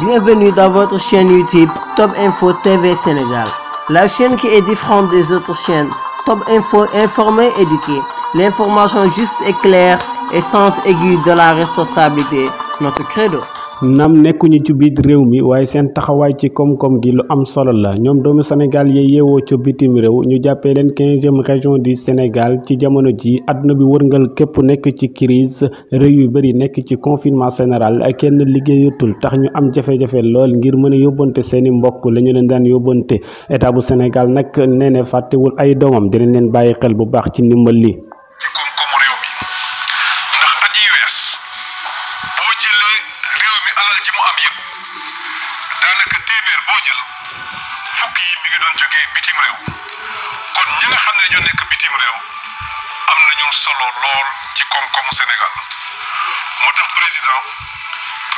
Bienvenue dans votre chaîne YouTube Top Info TV Sénégal. La chaîne qui est différente des autres chaînes. Top Info informé, éduqué. L'information juste et claire et sens aigu de la responsabilité. Notre credo. nam nekkuñu ci biir réew mi waaye seen taxawaay ci koom-koom gi lu am solo la ñoom doomu Sénégal yee yeewoo ca bitim réew ñu jàppee leen quinzième région du Sénégal ci jamono ji àdduna bi wërngal képp nekk ci crise réew yu bëri nekk ci confinement général kenn liggéeyatul tax ñu am jafe-jafe lool ngir mën a yóbbante seeni mbokk la ñu leen daan yóbbante état bu Sénégal nag nee ne fàttewul ay doomam dinañ leen bàyyi xel bu baax ci ndimbal li bitim kon ñi nga xam ne ñoo nekk bitim réew am nañu solo lool ci koom-koomu Sénégal moo tax président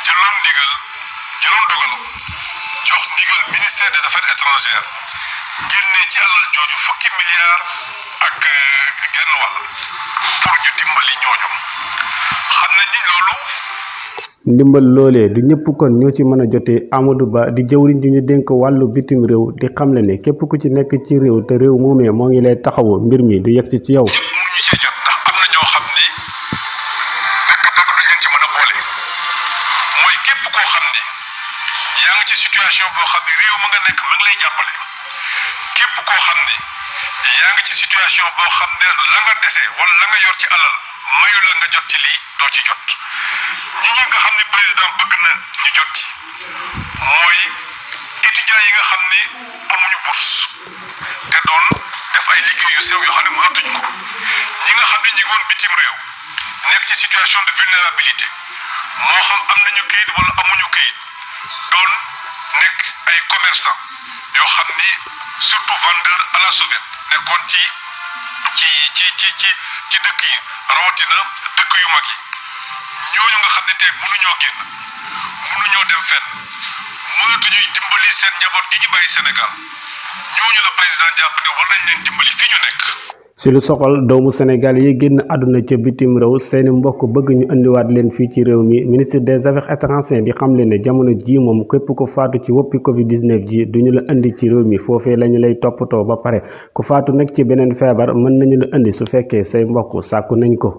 jëloon ndigal jëloon dogal jox ndigal ministère des affaires étrangères génne ci alal jooju fukki milliards ak euh, genn pour ñu dimbali ñooñu. ndimbal loolee du ñëpp kon ñoo ci mën a jotee Amadou Ba di jëw ju ñu dénk wàllu bitim réew di xamle ne képp ku ci nekk ci réew te réew moomee moo ngi lay taxawu mbir mi du yegg ci yow. situation boo xam ne réew ma nekk ma ngi xam ne yaa ngi ci situation boo xam ne la nga dese wala la nga yor ci alal mayu la nga jot ci lii doo ci jot ñi ñi nga xam ne président bëgg na ñu jot ci mooy étudiants yi nga xam ni amuñu bourse te doon def ay liggéey sew yoo xam ne mënatuñ ko ñi nga xam ne ñi ngi woon bitim réew nekk ci situation de vulnérabilité moo xam am nañu kayit wala amuñu kayit doon nekk ay commerçant yoo xam ni surtout vendeur à la sauvette nekkoon ci ci ci ci dëkk yi rawatina dëkk yu mag yi ñooñu nga xam ne tey mënuñoo génn mënuñoo dem fenn mënatuñuy dimbali seen njaboot gi ñu bàyyi senegal ñooñu la président jàpp ne war nañ leen dimbali fi ñu nekk. si lu soxal doomu Sénégal yi génn àdduna ca bitim réew seeni mbokk bëgg ñu indiwaat leen fii ci réew mi ministre des affaires étrangères di xamle ne jamono ji moom képp ko faatu ci woppi Covid 19 ji du la indi ci réew mi foofee la ñu lay toppatoo ba pare ku faatu nag ci beneen feebar mën nañu la indi su fekkee say mbokk sàkku nañ ko.